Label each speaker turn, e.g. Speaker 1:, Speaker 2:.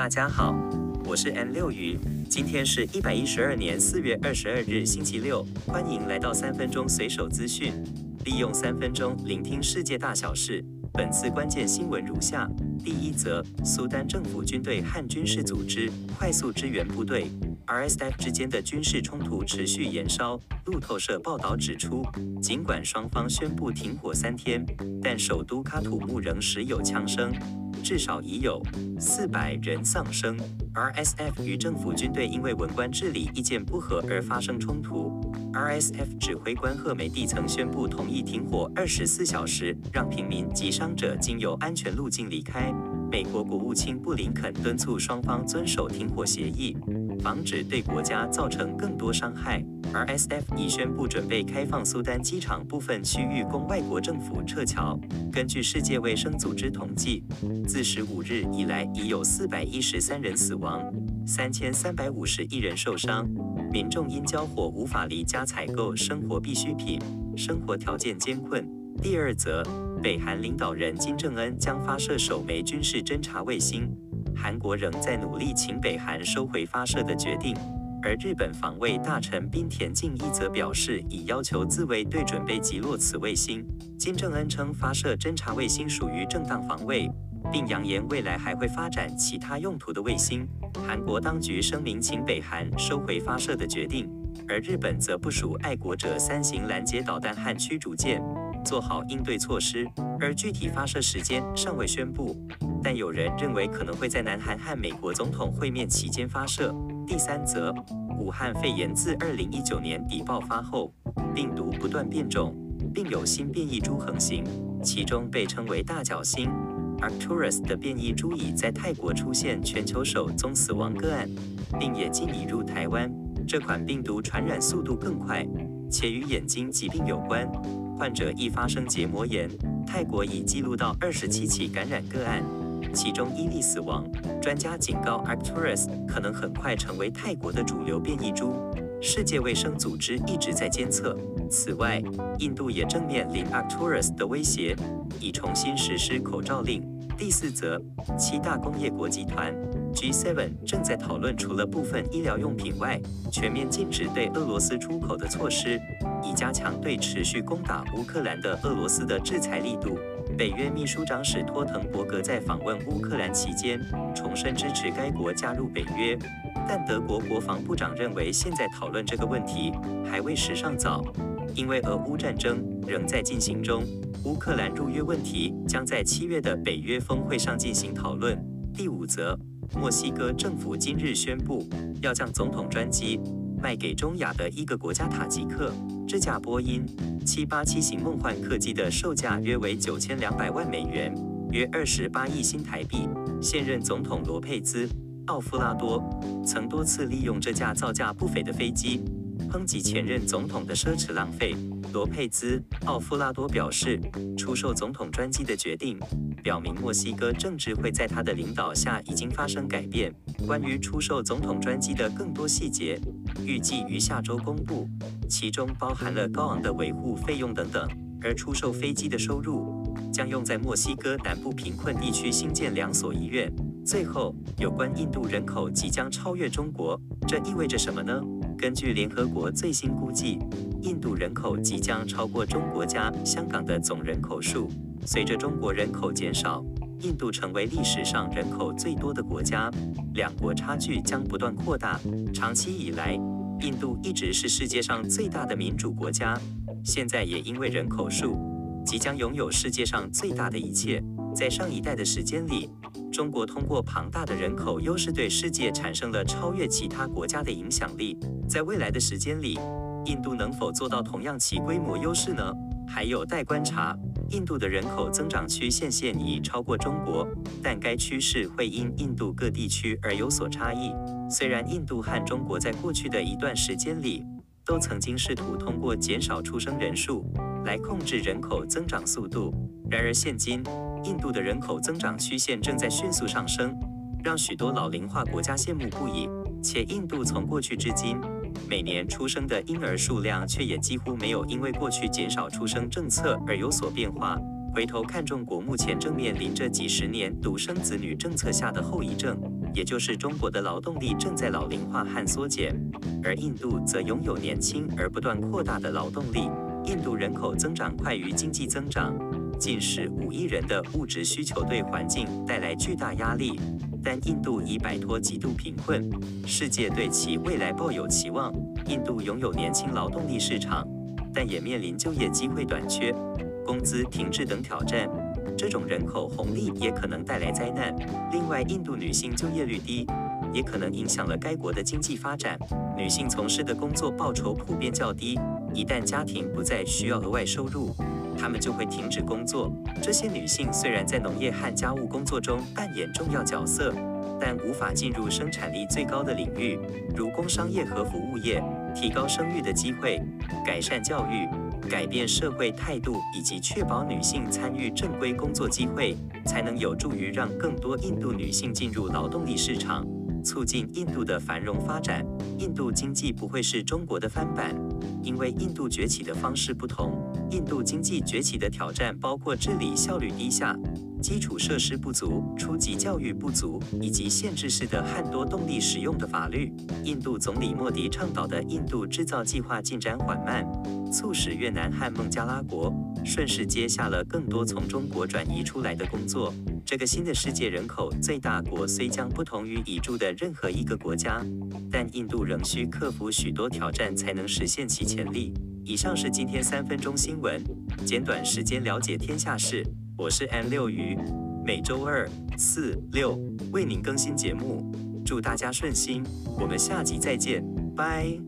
Speaker 1: 大家好，我是 M 六魚，今天是一百一十二年四月二十二日星期六，歡迎來到三分鐘隨手資訊，利用三分鐘聆聽世界大小事。本次關鍵新聞如下：第一則，蘇丹政府軍隊和軍事組織快速支援部隊 （RSF） 之間的軍事衝突持續延燒。路透社報道指出，儘管雙方宣布停火三天，但首都喀土穆仍時有槍聲。至少已有四百人喪生，RSF 與政府軍隊因為文官治理意見不合而發生衝突。RSF 指揮官赫梅蒂曾宣布同意停火二十四小時，讓平民及傷者經由安全路徑離開。美國國務卿布林肯敦促雙方遵守停火協議。防止對國家造成更多傷害，而 SF 已宣布準備開放蘇丹機場部分區域供外國政府撤僑。根據世界衛生組織統計，自十五日以來已有四百一十三人死亡，三千三百五十一人受傷。民眾因交火無法離家採購生活必需品，生活條件艱困。第二則，北韓領導人金正恩將發射首枚軍事偵察衛星。韓國仍在努力請北韓收回發射的決定，而日本防衛大臣濱田靖一則表示已要求自衛隊準備擊落此衛星。金正恩稱發射偵察衛星屬於正當防衛，並揚言未來還會發展其他用途的衛星。韓國當局聲明請北韓收回發射的決定，而日本則部署愛國者三型攔截導彈和驅逐艦做好應對措施，而具體發射時間尚未宣布，但有人認為可能會在南韓和美國總統會面期間發射。第三則，武漢肺炎自2019年底爆發後，病毒不斷變種，並有新變異株橫行，其中被稱為大角星 Arcturus 的變異株已在泰國出現全球首宗死亡個案，並也進入台灣。這款病毒傳染速度更快，且與眼睛疾病有關。患者易發生結膜炎。泰國已記錄到二十七起感染個案，其中一例死亡。專家警告，Arcturus 可能很快成為泰國的主流變異株。世界衛生組織一直在監測。此外，印度也正面臨 Arcturus 的威脅，已重新實施口罩令。第四則，七大工業國集團。G7 正在討論，除了部分醫療用品外，全面禁止對俄羅斯出口的措施，以加強對持續攻打烏克蘭的俄羅斯的制裁力度。北約秘書長史托滕伯格在訪問烏克蘭期間，重申支持該國加入北約，但德國國防部長認為，現在討論這個問題還為時尚早，因為俄烏戰爭仍在進行中。烏克蘭入約問題將在七月的北約峰會上進行討論。第五則。墨西哥政府今日宣布，要將總統專機賣給中亞的一個國家塔吉克。這架波音七八七型夢幻客機的售價約為九千兩百萬美元，約二十八億新台幣。現任總統羅佩茲·奧夫拉多曾多次利用這架造價不菲的飛機。抨擊前任總統的奢侈浪費，羅佩茲·奧夫拉多表示，出售總統專機的決定表明墨西哥政治會在他的領導下已經發生改變。關於出售總統專機的更多細節，預計於下周公布，其中包含了高昂的維護費用等等。而出售飛機的收入將用在墨西哥南部貧困地區新建兩所醫院。最後，有關印度人口即將超越中國，這意味着什麼呢？根據聯合國最新估計，印度人口即將超過中國加香港的總人口數。隨着中國人口減少，印度成為歷史上人口最多的國家，兩國差距將不斷擴大。長期以來，印度一直是世界上最大的民主國家，現在也因為人口數即將擁有世界上最大的一切。在上一代的時間裡，中國通過龐大的人口優勢對世界產生了超越其他國家的影響力。在未來的時間裡，印度能否做到同樣其規模優勢呢？還有待觀察。印度的人口增長曲線現已超過中國，但該趨勢會因印度各地區而有所差異。雖然印度和中國在過去的一段時間裡都曾經試圖通過減少出生人數來控制人口增長速度，然而現今，印度的人口增長曲線正在迅速上升，讓許多老齡化國家羨慕不已。且印度從過去至今，每年出生的嬰兒數量卻也幾乎沒有因為過去減少出生政策而有所變化。回頭看中國，目前正面臨着幾十年獨生子女政策下的後遺症，也就是中國的勞動力正在老齡化和縮減，而印度則擁有年輕而不斷擴大的勞動力。印度人口增長快於經濟增長。近十五億人的物質需求對環境帶來巨大壓力，但印度已擺脫極度貧困，世界對其未來抱有期望。印度擁有年輕勞動力市場，但也面臨就業機會短缺、工資停滯等挑戰。這種人口紅利也可能帶來災難。另外，印度女性就業率低，也可能影響了該國的經濟發展。女性從事的工作報酬普遍較低，一旦家庭不再需要額外收入。她們就會停止工作。這些女性雖然在農業和家務工作中扮演重要角色，但無法進入生產力最高的領域，如工商業和服務業。提高生育的機會、改善教育、改變社會態度以及確保女性參與正規工作機會，才能有助於讓更多印度女性進入勞動力市場，促進印度的繁榮發展。印度經濟不會是中國的翻版。因為印度崛起的方式不同，印度經濟崛起的挑戰包括治理效率低下、基礎設施不足、初級教育不足以及限制式的和多動力使用的法律。印度總理莫迪倡導的印度制造計劃進展緩慢，促使越南和孟加拉國。順勢接下了更多從中國轉移出來的工作。這個新的世界人口最大國雖將不同於已住的任何一個國家，但印度仍需克服許多挑戰才能實現其潛力。以上是今天三分鐘新聞，簡短時間了解天下事。我是 M 六魚，每周二、四、六為您更新節目。祝大家順心，我們下集再見，拜。